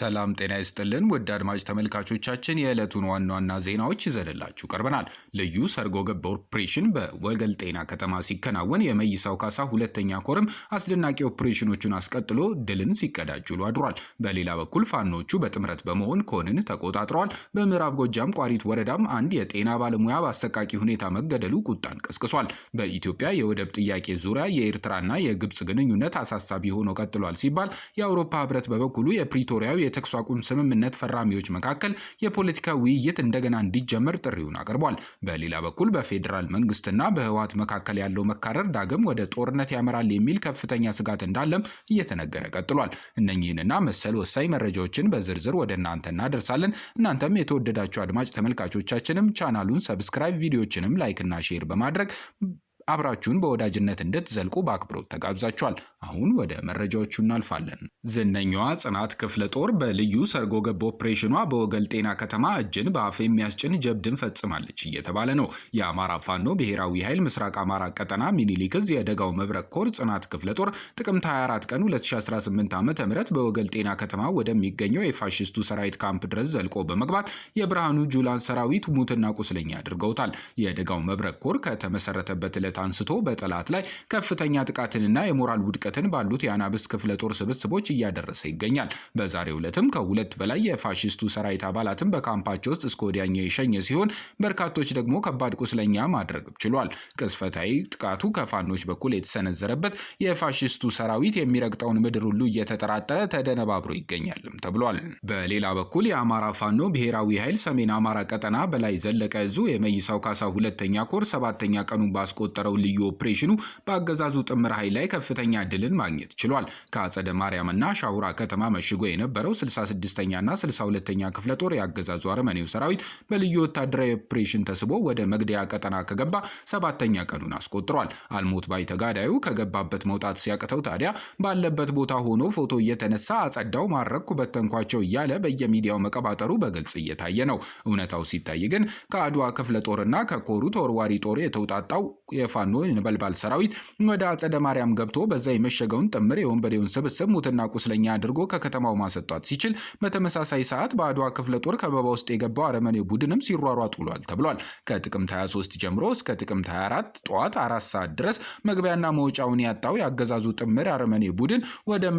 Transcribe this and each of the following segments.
ሰላም ጤና ይስጥልን ውድ አድማጭ ተመልካቾቻችን የዕለቱን ዋና ዋና ዜናዎች ይዘንላችሁ ቀርበናል። ልዩ ሰርጎ ገብ ኦፕሬሽን በወገል ጤና ከተማ ሲከናወን የመይሳው ካሳ ሁለተኛ ኮርም አስደናቂ ኦፕሬሽኖቹን አስቀጥሎ ድልን ሲቀዳጅ ውሎ አድሯል። በሌላ በኩል ፋኖቹ በጥምረት በመሆን ኮንን ተቆጣጥረዋል። በምዕራብ ጎጃም ቋሪት ወረዳም አንድ የጤና ባለሙያ በአሰቃቂ ሁኔታ መገደሉ ቁጣን ቀስቅሷል። በኢትዮጵያ የወደብ ጥያቄ ዙሪያ የኤርትራና የግብፅ ግንኙነት አሳሳቢ ሆኖ ቀጥሏል ሲባል የአውሮፓ ህብረት በበኩሉ የፕሪቶሪያው የተኩስ አቁም ስምምነት ፈራሚዎች መካከል የፖለቲካ ውይይት እንደገና እንዲጀመር ጥሪውን አቅርቧል። በሌላ በኩል በፌዴራል መንግስትና በህወሓት መካከል ያለው መካረር ዳግም ወደ ጦርነት ያመራል የሚል ከፍተኛ ስጋት እንዳለም እየተነገረ ቀጥሏል። እነኚህንና መሰል ወሳኝ መረጃዎችን በዝርዝር ወደ እናንተ እናደርሳለን። እናንተም የተወደዳችሁ አድማጭ ተመልካቾቻችንም ቻናሉን ሰብስክራይብ፣ ቪዲዮችንም ላይክና ሼር በማድረግ አብራችሁን በወዳጅነት እንድትዘልቁ በአክብሮት ተጋብዛችኋል። አሁን ወደ መረጃዎቹ እናልፋለን። ዝነኛዋ ጽናት ክፍለ ጦር በልዩ ሰርጎ ገብ ኦፕሬሽኗ በወገል ጤና ከተማ እጅን በአፍ የሚያስጭን ጀብድን ፈጽማለች እየተባለ ነው። የአማራ ፋኖ ብሔራዊ ኃይል ምስራቅ አማራ ቀጠና ሚኒሊክዝ የደጋው መብረቅ ኮር ጽናት ክፍለ ጦር ጥቅምት 24 ቀን 2018 ዓ ም በወገል ጤና ከተማ ወደሚገኘው የፋሽስቱ ሰራዊት ካምፕ ድረስ ዘልቆ በመግባት የብርሃኑ ጁላን ሰራዊት ሙትና ቁስለኛ አድርገውታል። የደጋው መብረቅ ኮር ከተመሰረተበት ዕለት አንስቶ በጠላት ላይ ከፍተኛ ጥቃትንና የሞራል ውድቀትን ባሉት የአናብስት ክፍለ ጦር ስብስቦች እያደረሰ ይገኛል። በዛሬው ዕለትም ከሁለት በላይ የፋሽስቱ ሰራዊት አባላትን በካምፓቸው ውስጥ እስከ ወዲያኛው የሸኘ ሲሆን በርካቶች ደግሞ ከባድ ቁስለኛ ማድረግ ችሏል። ቅስፈታዊ ጥቃቱ ከፋኖች በኩል የተሰነዘረበት የፋሽስቱ ሰራዊት የሚረግጠውን ምድር ሁሉ እየተጠራጠረ ተደነባብሮ ይገኛልም ተብሏል። በሌላ በኩል የአማራ ፋኖ ብሔራዊ ኃይል ሰሜን አማራ ቀጠና በላይ ዘለቀ እዙ የመይሳው ካሳ ሁለተኛ ኮር ሰባተኛ ቀኑን ባስቆጠረው የተጀመረው ልዩ ኦፕሬሽኑ በአገዛዙ ጥምር ኃይል ላይ ከፍተኛ ድልን ማግኘት ችሏል። ከአጸደ ማርያምና ሻውራ ከተማ መሽጎ የነበረው 66ኛና 62ኛ ክፍለ ጦር የአገዛዙ አረመኔው ሰራዊት በልዩ ወታደራዊ ኦፕሬሽን ተስቦ ወደ መግደያ ቀጠና ከገባ ሰባተኛ ቀኑን አስቆጥሯል። አልሞት ባይ ተጋዳዩ ከገባበት መውጣት ሲያቅተው ታዲያ ባለበት ቦታ ሆኖ ፎቶ እየተነሳ አጸዳው ማረኩ በተንኳቸው እያለ በየሚዲያው መቀባጠሩ በግልጽ እየታየ ነው። እውነታው ሲታይ ግን ከአድዋ ክፍለ ጦርና ከኮሩ ተወርዋሪ ጦር የተውጣጣው የፋኖ ነበልባል ሰራዊት ወደ አጸደ ማርያም ገብቶ በዛ የመሸገውን ጥምር የወንበዴውን ስብስብ ሙትና ቁስለኛ አድርጎ ከከተማው ማሰጧት ሲችል በተመሳሳይ ሰዓት በአድዋ ክፍለ ጦር ከበባ ውስጥ የገባው አረመኔው ቡድንም ሲሯሯጥ ውሏል ተብሏል። ከጥቅምት 23 ጀምሮ እስከ ጥቅምት 24 ጠዋት አራት ሰዓት ድረስ መግቢያና መውጫውን ያጣው የአገዛዙ ጥምር አረመኔ ቡድን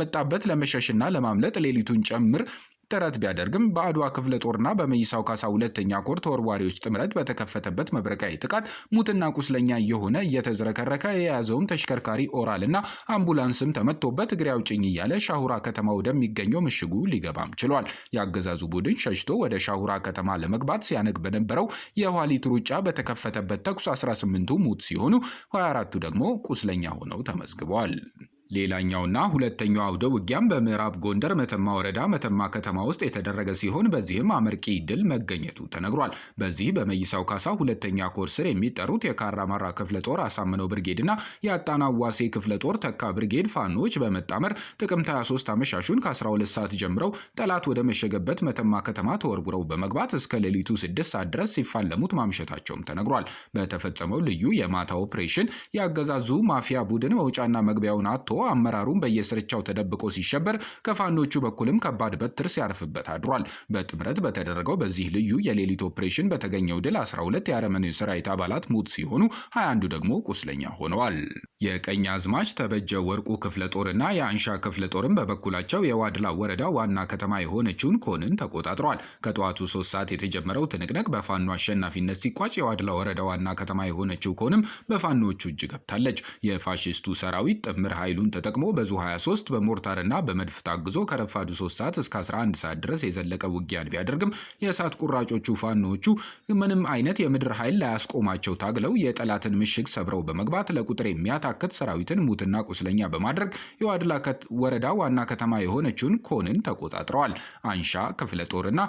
መጣበት ለመሸሽና ለማምለጥ ሌሊቱን ጨምር ጥረት ቢያደርግም በአድዋ ክፍለ ጦርና በመይሳው ካሳ ሁለተኛ ኮር ተወርዋሪዎች ጥምረት በተከፈተበት መብረቃዊ ጥቃት ሙትና ቁስለኛ የሆነ እየተዝረከረከ የያዘውን ተሽከርካሪ ኦራል እና አምቡላንስም ተመቶበት እግሬ አውጭኝ እያለ ሻሁራ ከተማ ወደሚገኘው ምሽጉ ሊገባም ችሏል። የአገዛዙ ቡድን ሸሽቶ ወደ ሻሁራ ከተማ ለመግባት ሲያነግ በነበረው የኋሊት ሩጫ በተከፈተበት ተኩስ 18ቱ ሙት ሲሆኑ 24ቱ ደግሞ ቁስለኛ ሆነው ተመዝግበዋል። ሌላኛውና ሁለተኛው አውደ ውጊያም በምዕራብ ጎንደር መተማ ወረዳ መተማ ከተማ ውስጥ የተደረገ ሲሆን በዚህም አመርቂ ድል መገኘቱ ተነግሯል። በዚህ በመይሳው ካሳ ሁለተኛ ኮር ስር የሚጠሩት የካራማራ ክፍለ ጦር አሳምነው ብርጌድና የአጣና ዋሴ ክፍለ ጦር ተካ ብርጌድ ፋኖች በመጣመር ጥቅምት 23 አመሻሹን ከ12 ሰዓት ጀምረው ጠላት ወደ መሸገበት መተማ ከተማ ተወርውረው በመግባት እስከ ሌሊቱ 6 ሰዓት ድረስ ሲፋለሙት ማምሸታቸውም ተነግሯል። በተፈጸመው ልዩ የማታ ኦፕሬሽን የአገዛዙ ማፊያ ቡድን መውጫና መግቢያውን አቶ አመራሩን በየስርቻው ተደብቆ ሲሸበር፣ ከፋኖቹ በኩልም ከባድ በትር ሲያርፍበት አድሯል። በጥምረት በተደረገው በዚህ ልዩ የሌሊት ኦፕሬሽን በተገኘው ድል 12 የአረመን ሰራዊት አባላት ሙት ሲሆኑ 21ዱ ደግሞ ቁስለኛ ሆነዋል። የቀኝ አዝማች ተበጀ ወርቁ ክፍለ ጦርና የአንሻ ክፍለ ጦርም በበኩላቸው የዋድላ ወረዳ ዋና ከተማ የሆነችውን ኮንን ተቆጣጥረዋል። ከጠዋቱ ሶስት ሰዓት የተጀመረው ትንቅንቅ በፋኖ አሸናፊነት ሲቋጭ የዋድላ ወረዳ ዋና ከተማ የሆነችው ኮንም በፋኖቹ እጅ ገብታለች። የፋሽስቱ ሰራዊት ጥምር ኃይሉን ተጠቅሞ በዙ 23 በሞርታርና በመድፍ ታግዞ ከረፋዱ 3 ሰዓት እስከ 11 ሰዓት ድረስ የዘለቀ ውጊያን ቢያደርግም የእሳት ቁራጮቹ ፋኖቹ ምንም አይነት የምድር ኃይል ላያስቆማቸው ታግለው የጠላትን ምሽግ ሰብረው በመግባት ለቁጥር የሚያታክት ሰራዊትን ሙትና ቁስለኛ በማድረግ የዋድላ ወረዳ ዋና ከተማ የሆነችውን ኮንን ተቆጣጥረዋል። አንሻ ክፍለ ጦርና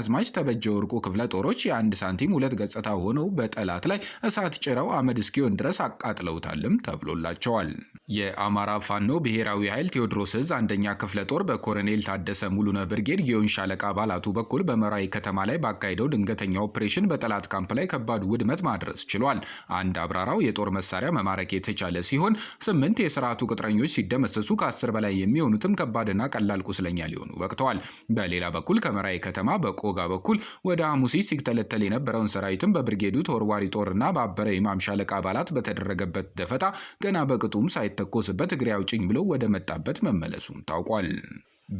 አዝማች ተበጀ ወርቁ ክፍለ ጦሮች የአንድ ሳንቲም ሁለት ገጽታ ሆነው በጠላት ላይ እሳት ጭረው አመድ እስኪሆን ድረስ አቃጥለውታልም ተብሎላቸዋል። የአማራ ምዕራብ ፋኖ ብሔራዊ ኃይል ቴዎድሮስ እዝ አንደኛ ክፍለ ጦር በኮሎኔል ታደሰ ሙሉነ ብርጌድ ጊዮን ሻለቃ አባላቱ በኩል በመራዊ ከተማ ላይ ባካሄደው ድንገተኛ ኦፕሬሽን በጠላት ካምፕ ላይ ከባድ ውድመት ማድረስ ችሏል። አንድ አብራራው የጦር መሳሪያ መማረክ የተቻለ ሲሆን ስምንት የስርዓቱ ቅጥረኞች ሲደመሰሱ ከአስር በላይ የሚሆኑትም ከባድና ቀላል ቁስለኛ ሊሆኑ በቅተዋል። በሌላ በኩል ከመራዊ ከተማ በቆጋ በኩል ወደ አሙሲ ሲተለተል የነበረውን ሰራዊትም በብርጌዱ ተወርዋሪ ጦርና በአበረ ኢማም ሻለቃ አባላት በተደረገበት ደፈጣ ገና በቅጡም ሳይተኮስበት ከእግሬ አውጭኝ ብሎ ወደ መጣበት መመለሱም ታውቋል።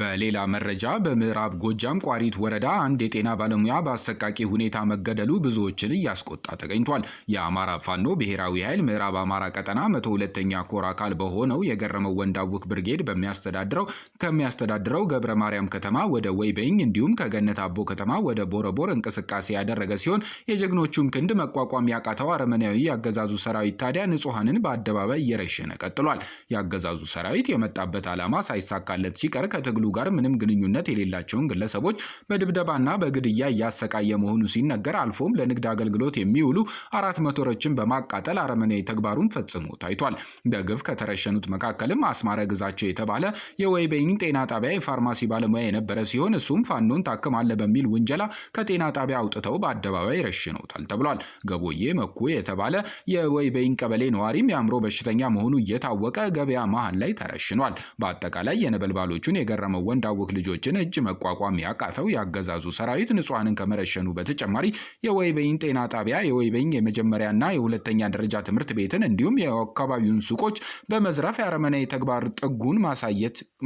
በሌላ መረጃ በምዕራብ ጎጃም ቋሪት ወረዳ አንድ የጤና ባለሙያ በአሰቃቂ ሁኔታ መገደሉ ብዙዎችን እያስቆጣ ተገኝቷል። የአማራ ፋኖ ብሔራዊ ኃይል ምዕራብ አማራ ቀጠና መቶ ሁለተኛ ኮር አካል በሆነው የገረመው ወንዳውክ ብርጌድ በሚያስተዳድረው ከሚያስተዳድረው ገብረ ማርያም ከተማ ወደ ወይበኝ እንዲሁም ከገነት አቦ ከተማ ወደ ቦረቦር እንቅስቃሴ ያደረገ ሲሆን የጀግኖቹን ክንድ መቋቋም ያቃተው አረመናዊ የአገዛዙ ሰራዊት ታዲያ ንጹሐንን በአደባባይ እየረሸነ ቀጥሏል። የአገዛዙ ሰራዊት የመጣበት ዓላማ ሳይሳካለት ሲቀር ከትግሉ ጋር ምንም ግንኙነት የሌላቸውን ግለሰቦች በድብደባና በግድያ እያሰቃየ መሆኑ ሲነገር አልፎም ለንግድ አገልግሎት የሚውሉ አራት መቶሮችን በማቃጠል አረመኔያዊ ተግባሩን ፈጽሞ ታይቷል። በግፍ ከተረሸኑት መካከልም አስማረ ግዛቸው የተባለ የወይቤኝ ጤና ጣቢያ የፋርማሲ ባለሙያ የነበረ ሲሆን እሱም ፋኖን ታክማለ በሚል ውንጀላ ከጤና ጣቢያ አውጥተው በአደባባይ ረሽነውታል ተብሏል። ገቦዬ መኩ የተባለ የወይቤኝ ቀበሌ ነዋሪም የአእምሮ በሽተኛ መሆኑ እየታወቀ ገበያ መሃል ላይ ተረሽኗል። በአጠቃላይ የነበልባሎቹን የገረ የገረመው ወንዳውክ ልጆችን እጅ መቋቋም ያቃተው የአገዛዙ ሰራዊት ንጹሐንን ከመረሸኑ በተጨማሪ የወይበኝ ጤና ጣቢያ፣ የወይበኝ የመጀመሪያና የሁለተኛ ደረጃ ትምህርት ቤትን እንዲሁም የአካባቢውን ሱቆች በመዝረፍ የአረመናዊ ተግባር ጥጉን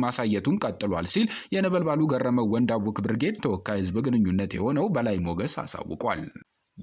ማሳየቱን ቀጥሏል ሲል የነበልባሉ ገረመው ወንዳውክ ብርጌድ ተወካይ ህዝብ ግንኙነት የሆነው በላይ ሞገስ አሳውቋል።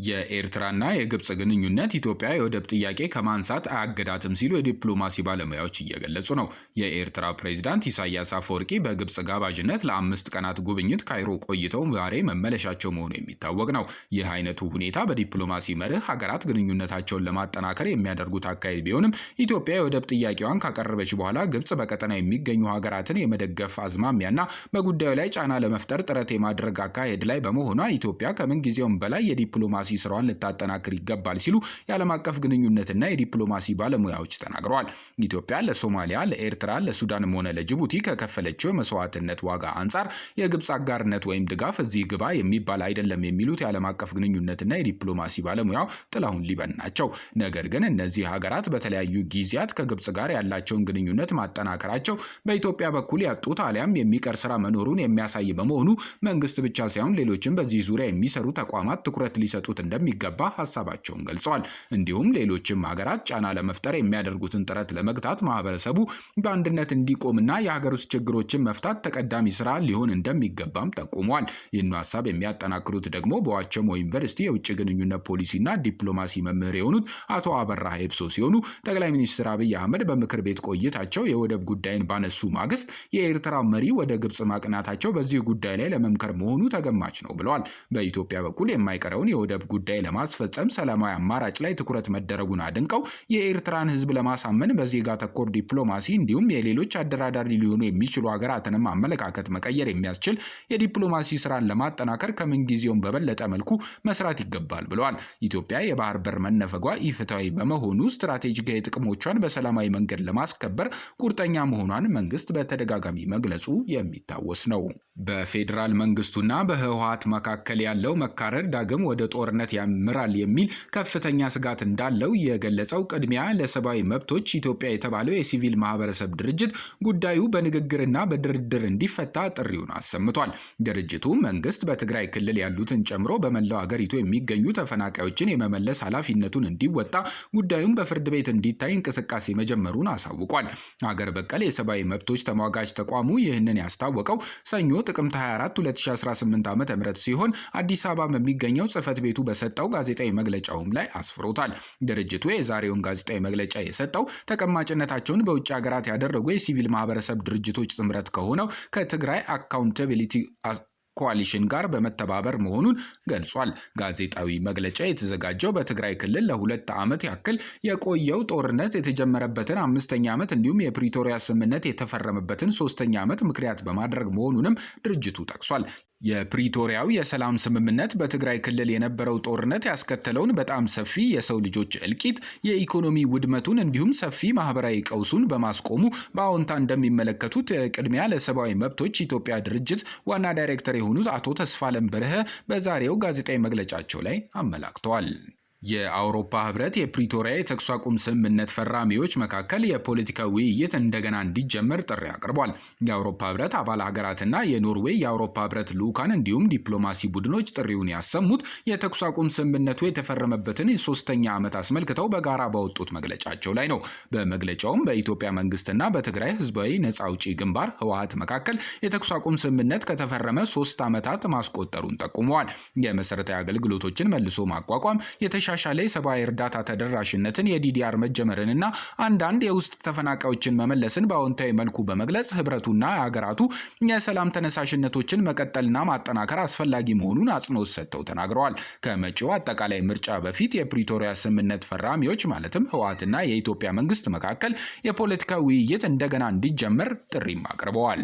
የኤርትራና የግብፅ ግንኙነት ኢትዮጵያ የወደብ ጥያቄ ከማንሳት አያገዳትም ሲሉ የዲፕሎማሲ ባለሙያዎች እየገለጹ ነው። የኤርትራ ፕሬዚዳንት ኢሳያስ አፈወርቂ በግብፅ ጋባዥነት ለአምስት ቀናት ጉብኝት ካይሮ ቆይተው ዛሬ መመለሻቸው መሆኑ የሚታወቅ ነው። ይህ አይነቱ ሁኔታ በዲፕሎማሲ መርህ ሀገራት ግንኙነታቸውን ለማጠናከር የሚያደርጉት አካሄድ ቢሆንም ኢትዮጵያ የወደብ ጥያቄዋን ካቀረበች በኋላ ግብፅ በቀጠና የሚገኙ ሀገራትን የመደገፍ አዝማሚያና በጉዳዩ ላይ ጫና ለመፍጠር ጥረት የማድረግ አካሄድ ላይ በመሆኗ ኢትዮጵያ ከምን በላይ የዲፕሎማ የዲፕሎማሲ ስራዋን ልታጠናክር ይገባል ሲሉ የዓለም አቀፍ ግንኙነትና የዲፕሎማሲ ባለሙያዎች ተናግረዋል። ኢትዮጵያ ለሶማሊያ፣ ለኤርትራ፣ ለሱዳንም ሆነ ለጅቡቲ ከከፈለችው የመስዋዕትነት ዋጋ አንጻር የግብፅ አጋርነት ወይም ድጋፍ እዚህ ግባ የሚባል አይደለም የሚሉት የዓለም አቀፍ ግንኙነትና የዲፕሎማሲ ባለሙያው ጥላሁን ሊበን ናቸው። ነገር ግን እነዚህ ሀገራት በተለያዩ ጊዜያት ከግብፅ ጋር ያላቸውን ግንኙነት ማጠናከራቸው በኢትዮጵያ በኩል ያጡት አሊያም የሚቀር ስራ መኖሩን የሚያሳይ በመሆኑ መንግስት ብቻ ሳይሆን ሌሎችም በዚህ ዙሪያ የሚሰሩ ተቋማት ትኩረት ሊሰጡ ሊወጡት እንደሚገባ ሀሳባቸውን ገልጸዋል። እንዲሁም ሌሎችም ሀገራት ጫና ለመፍጠር የሚያደርጉትን ጥረት ለመግታት ማህበረሰቡ በአንድነት እንዲቆምና የሀገር ውስጥ ችግሮችን መፍታት ተቀዳሚ ስራ ሊሆን እንደሚገባም ጠቁመዋል። ይህን ሀሳብ የሚያጠናክሩት ደግሞ በዋቸሞ ዩኒቨርሲቲ የውጭ ግንኙነት ፖሊሲና ዲፕሎማሲ መምህር የሆኑት አቶ አበራ ሄብሶ ሲሆኑ ጠቅላይ ሚኒስትር አብይ አህመድ በምክር ቤት ቆይታቸው የወደብ ጉዳይን ባነሱ ማግስት የኤርትራ መሪ ወደ ግብጽ ማቅናታቸው በዚህ ጉዳይ ላይ ለመምከር መሆኑ ተገማች ነው ብለዋል። በኢትዮጵያ በኩል የማይቀረውን የወደብ የወደብ ጉዳይ ለማስፈጸም ሰላማዊ አማራጭ ላይ ትኩረት መደረጉን አድንቀው የኤርትራን ሕዝብ ለማሳመን በዜጋ ተኮር ዲፕሎማሲ እንዲሁም የሌሎች አደራዳሪ ሊሆኑ የሚችሉ ሀገራትንም አመለካከት መቀየር የሚያስችል የዲፕሎማሲ ስራን ለማጠናከር ከምንጊዜውም በበለጠ መልኩ መስራት ይገባል ብለዋል። ኢትዮጵያ የባህር በር መነፈጓ ኢፍትሐዊ በመሆኑ ስትራቴጂካዊ ጥቅሞቿን በሰላማዊ መንገድ ለማስከበር ቁርጠኛ መሆኗን መንግስት በተደጋጋሚ መግለጹ የሚታወስ ነው። በፌዴራል መንግስቱና በህወሀት መካከል ያለው መካረር ዳግም ወደ ጦርነት ያምራል የሚል ከፍተኛ ስጋት እንዳለው የገለጸው ቅድሚያ ለሰብአዊ መብቶች ኢትዮጵያ የተባለው የሲቪል ማህበረሰብ ድርጅት ጉዳዩ በንግግርና በድርድር እንዲፈታ ጥሪውን አሰምቷል። ድርጅቱ መንግስት በትግራይ ክልል ያሉትን ጨምሮ በመላው አገሪቱ የሚገኙ ተፈናቃዮችን የመመለስ ኃላፊነቱን እንዲወጣ ጉዳዩን በፍርድ ቤት እንዲታይ እንቅስቃሴ መጀመሩን አሳውቋል። አገር በቀል የሰብአዊ መብቶች ተሟጋጅ ተቋሙ ይህንን ያስታወቀው ሰኞ ጥቅምት 24 2018 ዓ ም ሲሆን አዲስ አበባ በሚገኘው ጽህፈት ቤቱ በሰጠው ጋዜጣዊ መግለጫውም ላይ አስፍሮታል። ድርጅቱ የዛሬውን ጋዜጣዊ መግለጫ የሰጠው ተቀማጭነታቸውን በውጭ ሀገራት ያደረጉ የሲቪል ማህበረሰብ ድርጅቶች ጥምረት ከሆነው ከትግራይ አካውንታቢሊቲ ኮአሊሽን ጋር በመተባበር መሆኑን ገልጿል። ጋዜጣዊ መግለጫ የተዘጋጀው በትግራይ ክልል ለሁለት ዓመት ያክል የቆየው ጦርነት የተጀመረበትን አምስተኛ ዓመት እንዲሁም የፕሪቶሪያ ስምምነት የተፈረመበትን ሶስተኛ ዓመት ምክንያት በማድረግ መሆኑንም ድርጅቱ ጠቅሷል። የፕሪቶሪያው የሰላም ስምምነት በትግራይ ክልል የነበረው ጦርነት ያስከተለውን በጣም ሰፊ የሰው ልጆች እልቂት፣ የኢኮኖሚ ውድመቱን እንዲሁም ሰፊ ማህበራዊ ቀውሱን በማስቆሙ በአዎንታ እንደሚመለከቱት ቅድሚያ ለሰብአዊ መብቶች ኢትዮጵያ ድርጅት ዋና ዳይሬክተር የሆኑ እንደሚሆኑት አቶ ተስፋለም በርሀ በዛሬው ጋዜጣዊ መግለጫቸው ላይ አመላክተዋል። የአውሮፓ ህብረት የፕሪቶሪያ የተኩስ አቁም ስምምነት ፈራሚዎች መካከል የፖለቲካ ውይይት እንደገና እንዲጀመር ጥሪ አቅርቧል። የአውሮፓ ህብረት አባል ሀገራትና የኖርዌይ የአውሮፓ ህብረት ልዑካን እንዲሁም ዲፕሎማሲ ቡድኖች ጥሪውን ያሰሙት የተኩስ አቁም ስምምነቱ የተፈረመበትን የሶስተኛ ዓመት አስመልክተው በጋራ ባወጡት መግለጫቸው ላይ ነው። በመግለጫውም በኢትዮጵያ መንግስትና በትግራይ ህዝባዊ ነፃ አውጪ ግንባር ህወሀት መካከል የተኩስ አቁም ስምምነት ከተፈረመ ሶስት ዓመታት ማስቆጠሩን ጠቁመዋል። የመሰረታዊ አገልግሎቶችን መልሶ ማቋቋም የተሻ የተሻሻለ የሰብአዊ እርዳታ ተደራሽነትን፣ የዲዲአር መጀመርንና አንዳንድ የውስጥ ተፈናቃዮችን መመለስን በአዎንታዊ መልኩ በመግለጽ ህብረቱና የሀገራቱ የሰላም ተነሳሽነቶችን መቀጠልና ማጠናከር አስፈላጊ መሆኑን አጽንኦት ሰጥተው ተናግረዋል። ከመጪው አጠቃላይ ምርጫ በፊት የፕሪቶሪያ ስምምነት ፈራሚዎች ማለትም ህወሓትና የኢትዮጵያ መንግስት መካከል የፖለቲካ ውይይት እንደገና እንዲጀመር ጥሪም አቅርበዋል።